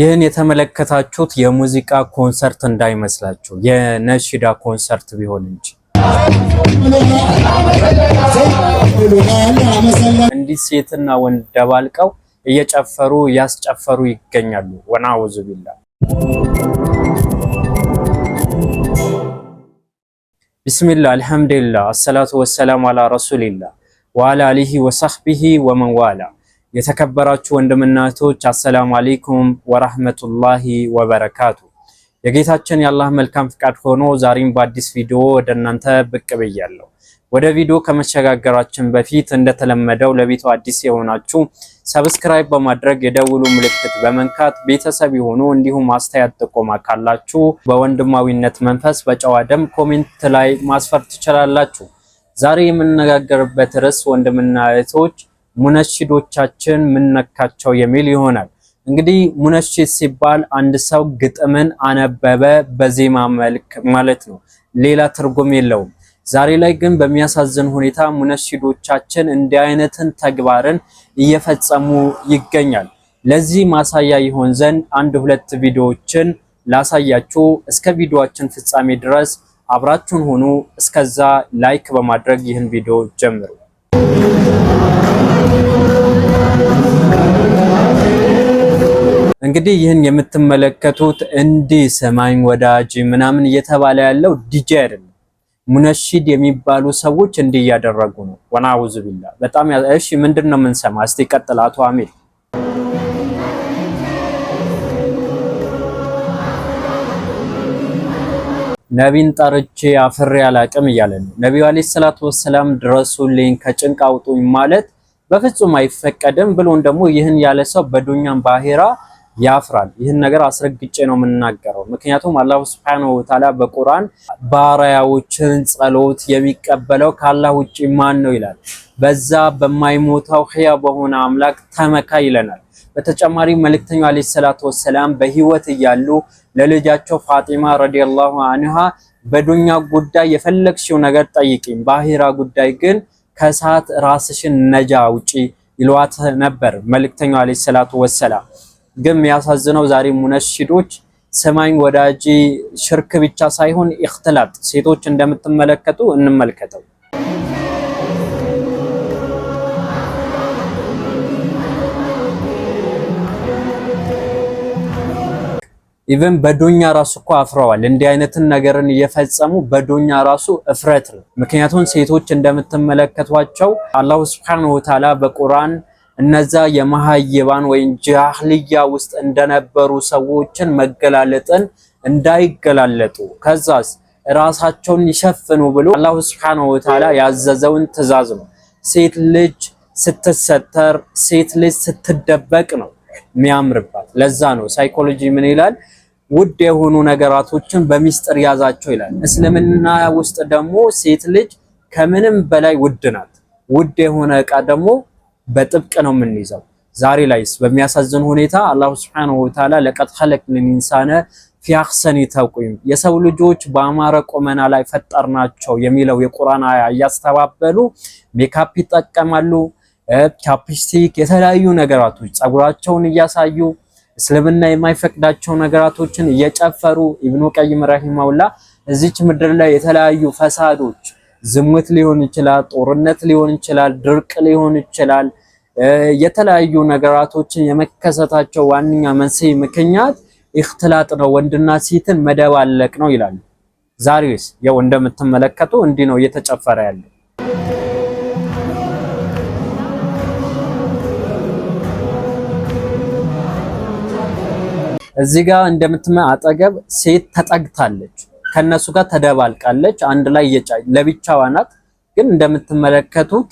ይህን የተመለከታችሁት የሙዚቃ ኮንሰርት እንዳይመስላችሁ የነሽዳ ኮንሰርት ቢሆን እንጂ እንዲህ ሴትና ወንድ ደባልቀው እየጨፈሩ እያስጨፈሩ ይገኛሉ። ወናውዝ ቢላ ቢስሚላ አልሐምዱሊላህ አሰላቱ ወሰላም አላ ረሱሊላህ ወአላ አሊሂ ወሰህቢሂ ወመንዋላ የተከበራችሁ ወንድምና እህቶች አሰላሙ አሌይኩም ወራህመቱላሂ ወበረካቱ። የጌታችን የአላህ መልካም ፍቃድ ሆኖ ዛሬም በአዲስ ቪዲዮ ወደ እናንተ ብቅ ብያለሁ። ወደ ቪዲዮ ከመሸጋገራችን በፊት እንደተለመደው ለቤቱ አዲስ የሆናችሁ ሰብስክራይብ በማድረግ የደውሉ ምልክት በመንካት ቤተሰብ የሆኑ እንዲሁም አስተያየት ጥቆማ ካላችሁ በወንድማዊነት መንፈስ በጨዋ ደም ኮሜንት ላይ ማስፈር ትችላላችሁ። ዛሬ የምነጋገርበት ርዕስ ወንድምና እህቶች ሙነሽዶቻችን ምነካቸው የሚል ይሆናል። እንግዲህ ሙነሽድ ሲባል አንድ ሰው ግጥምን አነበበ በዜማ መልክ ማለት ነው። ሌላ ትርጉም የለውም። ዛሬ ላይ ግን በሚያሳዝን ሁኔታ ሙነሽዶቻችን እንዲህ አይነትን ተግባርን እየፈጸሙ ይገኛል። ለዚህ ማሳያ ይሆን ዘንድ አንድ ሁለት ቪዲዮዎችን ላሳያችሁ። እስከ ቪዲዮአችን ፍጻሜ ድረስ አብራችሁን ሆኑ። እስከዛ ላይክ በማድረግ ይህን ቪዲዮ ጀምሩ። እንግዲህ ይህን የምትመለከቱት እንዲህ ሰማኝ ወዳጅ ምናምን እየተባለ ያለው ዲጄ አይደለም፣ ሙነሺድ የሚባሉ ሰዎች እንዲህ እያደረጉ ነው። ወናውዝ ቢላ በጣም እሺ። ምንድን ነው የምንሰማ? እስቲ ቀጥል አቶ አሚር ነቢን ጠርቼ አፍሬ አላቅም እያለ ነው። ነቢዩ አለይሂ ሰላቱ ወሰላም ድረሱልኝ፣ ከጭንቅ አውጡኝ ማለት በፍጹም አይፈቀድም። ብሎን ደግሞ ይህን ያለ ሰው በዱኛም ባሄራ ያፍራል። ይህን ነገር አስረግጬ ነው የምናገረው። ምክንያቱም አላሁ ስብሐነሁ ወተዓላ በቁርአን ባሪያዎችን ጸሎት የሚቀበለው ከአላህ ውጭ ማን ነው ይላል። በዛ በማይሞታው ህያ በሆነ አምላክ ተመካ ይለናል። በተጨማሪ መልእክተኛው አለይሂ ሰላቱ ወሰላም በህይወት እያሉ ለልጃቸው ፋጢማ ረዲየላሁ አንሃ በዱኛ ጉዳይ የፈለግሽው ነገር ጠይቂም፣ በአሂራ ጉዳይ ግን ከሳት ራስሽን ነጃ ውጪ ይሏት ነበር መልእክተኛው አለይሂ ሰላቱ ወሰላም። ግን የሚያሳዝነው ዛሬ ሙነሽዶች ሰማኝ ወዳጂ ሽርክ ብቻ ሳይሆን ኢኽትላጥ ሴቶች እንደምትመለከቱ እንመልከተው ኢቨን በዶኛ ራሱ እኮ አፍረዋል። እንዲህ አይነትን ነገርን እየፈጸሙ በዶኛ ራሱ እፍረት ነው። ምክንያቱም ሴቶች እንደምትመለከቷቸው አላሁ ሱብሓነሁ ወተዓላ በቁርአን እነዛ የመሃይባን ወይም ጃህልያ ውስጥ እንደነበሩ ሰዎችን መገላለጥን እንዳይገላለጡ ከዛስ ራሳቸውን ይሸፍኑ ብሎ አላሁ ሱብሓነሁ ወተዓላ ያዘዘውን ትእዛዝ ነው። ሴት ልጅ ስትሰተር፣ ሴት ልጅ ስትደበቅ ነው የሚያምርባት። ለዛ ነው ሳይኮሎጂ ምን ይላል? ውድ የሆኑ ነገራቶችን በሚስጥር ያዛቸው ይላል። እስልምና ውስጥ ደግሞ ሴት ልጅ ከምንም በላይ ውድ ናት። ውድ የሆነ እቃ ደግሞ በጥብቅ ነው የምንይዘው። ዛሬ ላይስ በሚያሳዝን ሁኔታ አላሁ ሱብሓነሁ ወተዓላ ለቀድ ኸለቅነል ኢንሳነ ፊ አሕሰኒ ተቅዊም የሰው ልጆች በአማረ ቁመና ላይ ፈጠርናቸው የሚለው የቁርአን አያ እያስተባበሉ ሜካፕ ይጠቀማሉ፣ ቻፕስቲክ፣ የተለያዩ ነገራቶች ፀጉራቸውን እያሳዩ እስልምና የማይፈቅዳቸው ነገራቶችን እየጨፈሩ ኢብኑ ቀይም ረሂመሁላ እዚች ምድር ላይ የተለያዩ ፈሳዶች ዝሙት ሊሆን ይችላል፣ ጦርነት ሊሆን ይችላል፣ ድርቅ ሊሆን ይችላል። የተለያዩ ነገራቶችን የመከሰታቸው ዋነኛ መንስኤ ምክንያት ኢኽትላጥ ነው፣ ወንድና ሴትን መደባለቅ ነው ይላሉ። ዛሬስ ያው እንደምትመለከቱ እንዲህ ነው እየተጨፈረ ያለው። እዚህ ጋር እንደምትመ አጠገብ ሴት ተጠግታለች፣ ከነሱ ጋር ተደባልቃለች። አንድ ላይ እየጫ ለብቻዋ ናት፣ ግን እንደምትመለከቱት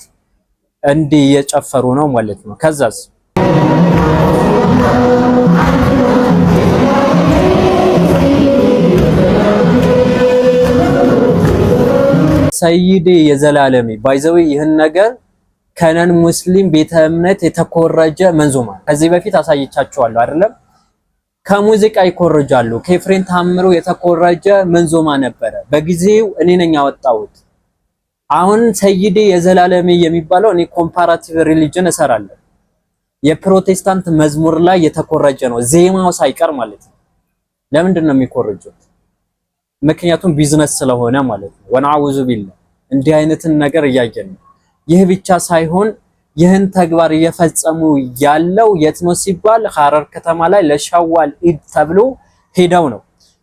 እንዲህ እየጨፈሩ ነው ማለት ነው። ከዛስ ሰይዴ የዘላለሜ ባይዘዊ ይህን ነገር ከነን ሙስሊም ቤተ እምነት የተኮረጀ መንዙማ ከዚህ በፊት አሳይቻችኋለሁ አይደለም? ከሙዚቃ ይኮርጃሉ። ከኤፍሬም ታምሩ የተኮረጀ መንዞማ ነበረ። በጊዜው እኔ ነኝ ያወጣሁት። አሁን ሰይዴ የዘላለሜ የሚባለው እኔ ኮምፓራቲቭ ሪሊጅን እሰራለሁ። የፕሮቴስታንት መዝሙር ላይ የተኮረጀ ነው፣ ዜማው ሳይቀር ማለት ነው። ለምንድን ነው የሚኮርጁት? ምክንያቱም ቢዝነስ ስለሆነ ማለት ነው። ወነአውዙ ቢላ እንዲህ አይነትን ነገር እያየን ነው። ይህ ብቻ ሳይሆን ይህን ተግባር እየፈጸሙ ያለው የት ነው ሲባል ሐረር ከተማ ላይ ለሸዋል ኢድ ተብሎ ሄደው ነው።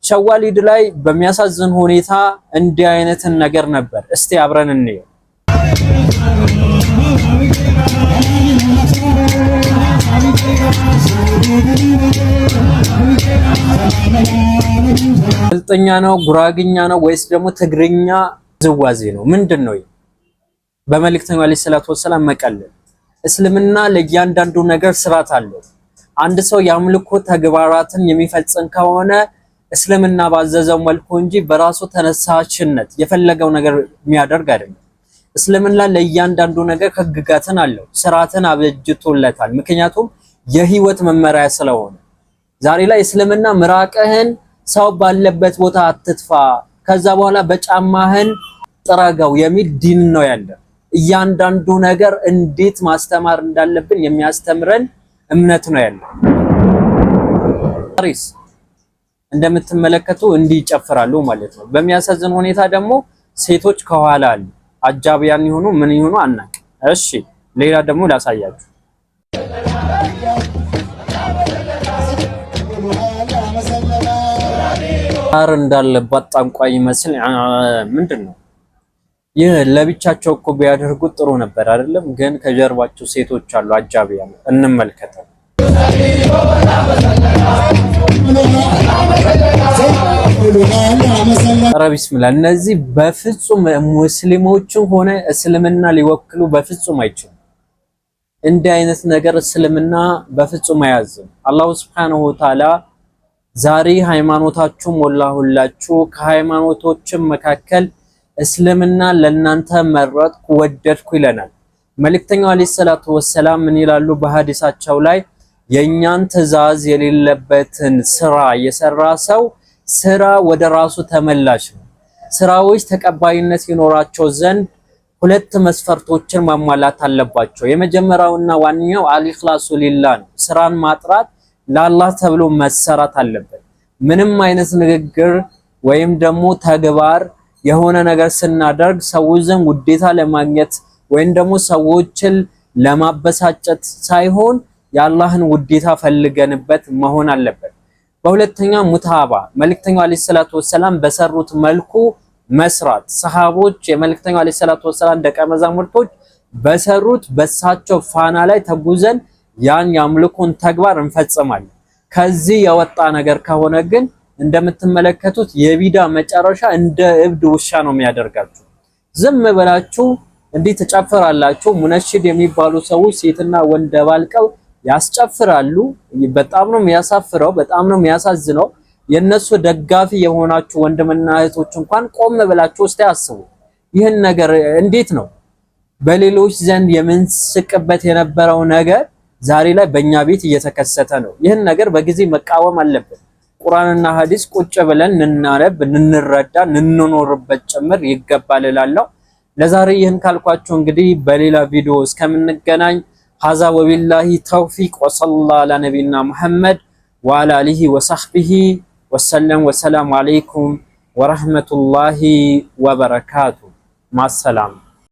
ሸዋል ኢድ ላይ በሚያሳዝን ሁኔታ እንዲህ አይነትን ነገር ነበር። እስቲ አብረን እንየው። ስልጥኛ ነው ጉራግኛ ነው ወይስ ደግሞ ትግርኛ ዝዋዜ ነው? ምንድን ነው? በመልእክተኛው ዓለይሂ ሰላቱ ወሰላም መቀለል እስልምና ለእያንዳንዱ ነገር ስርዓት አለው። አንድ ሰው የአምልኮ ተግባራትን የሚፈጽም ከሆነ እስልምና ባዘዘው መልኩ እንጂ በራሱ ተነሳሽነት የፈለገው ነገር የሚያደርግ አይደለም። እስልምና ለእያንዳንዱ ነገር ህግጋትን አለው፣ ስርዓትን አበጅቶለታል። ምክንያቱም የህይወት መመሪያ ስለሆነ ዛሬ ላይ እስልምና ምራቅህን ሰው ባለበት ቦታ አትጥፋ፣ ከዛ በኋላ በጫማህን ጥረገው የሚል ዲን ነው ያለ እያንዳንዱ ነገር እንዴት ማስተማር እንዳለብን የሚያስተምረን እምነት ነው ያለው። ሪስ እንደምትመለከቱ እንዲህ ይጨፍራሉ ማለት ነው። በሚያሳዝን ሁኔታ ደግሞ ሴቶች ከኋላ አሉ። አጃቢያን ይሆኑ ምን ይሆኑ አናቅ። እሺ ሌላ ደግሞ ላሳያችሁ። አር እንዳለባት ጠንቋይ ይመስል ምንድን ነው ይህ ለብቻቸው እኮ ቢያደርጉት ጥሩ ነበር አይደለም? ግን ከጀርባቸው ሴቶች አሉ። አጃቢ ያለ እንመልከተው። ኧረ እነዚህ በፍጹም ሙስሊሞቹ ሆነ እስልምና ሊወክሉ በፍጹም አይችሉም። እንዲህ አይነት ነገር እስልምና በፍጹም አያዝም። አላሁ ሱብሓነሁ ወተዓላ ዛሬ ሃይማኖታችሁ ሞላሁላችሁ ከሃይማኖቶችም መካከል እስልምና ለእናንተ መረጥኩ ወደድኩ ይለናል። መልእክተኛው አለይሂ ሰላቱ ወሰላም ምን ይላሉ በሐዲሳቸው ላይ የእኛን ትዕዛዝ የሌለበትን ስራ የሰራ ሰው ስራ ወደ ራሱ ተመላሽ ነው። ስራዎች ተቀባይነት ይኖራቸው ዘንድ ሁለት መስፈርቶችን ማሟላት አለባቸው። የመጀመሪያውና ዋነኛው አልኢኽላሱ ሊላህ ነው። ስራን ማጥራት ለአላህ ተብሎ መሰራት አለበት። ምንም አይነት ንግግር ወይም ደግሞ ተግባር የሆነ ነገር ስናደርግ ሰዎች ዘንድ ውዴታ ለማግኘት ወይም ደግሞ ሰዎችን ለማበሳጨት ሳይሆን የአላህን ውዴታ ፈልገንበት መሆን አለበት። በሁለተኛ ሙታባ መልክተኛው አለይሂ ሰላቱ ወሰላም በሰሩት መልኩ መስራት። ሰሃቦች የመልክተኛው አለይሂ ሰላቱ ወሰላም ደቀ መዛሙርቶች በሰሩት በሳቸው ፋና ላይ ተጉዘን ያን የአምልኮን ተግባር እንፈጽማለን። ከዚህ የወጣ ነገር ከሆነ ግን እንደምትመለከቱት የቢዳ መጨረሻ እንደ እብድ ውሻ ነው የሚያደርጋችሁ። ዝም ብላችሁ እንዲህ ትጨፍራላችሁ። ሙነሽድ የሚባሉ ሰዎች ሴትና ወንድ ባልቀው ያስጨፍራሉ። በጣም ነው የሚያሳፍረው፣ በጣም ነው የሚያሳዝነው። የነሱ ደጋፊ የሆናችሁ ወንድምና እህቶች እንኳን ቆም ብላችሁ እስቲ አስቡ። ይህን ነገር እንዴት ነው በሌሎች ዘንድ የምንስቅበት የነበረው ነገር ዛሬ ላይ በእኛ ቤት እየተከሰተ ነው። ይህን ነገር በጊዜ መቃወም አለብን። ቁርአንና ሐዲስ ቁጭ ብለን እንናነብ፣ እንንረዳ፣ እንኖርበት ጭምር ይገባል እላለሁ። ለዛሬ ይህን ካልኳችሁ እንግዲህ በሌላ ቪዲዮ እስከምንገናኝ ሀዛ ወቢላሂ ተውፊቅ ወሰላ አላ ነቢና ሙሐመድ ወአላ አሊሂ ወሰህቢሂ ወሰለም። ወሰላሙ አለይኩም ወረህመቱላሂ ወበረካቱ። ማሰላም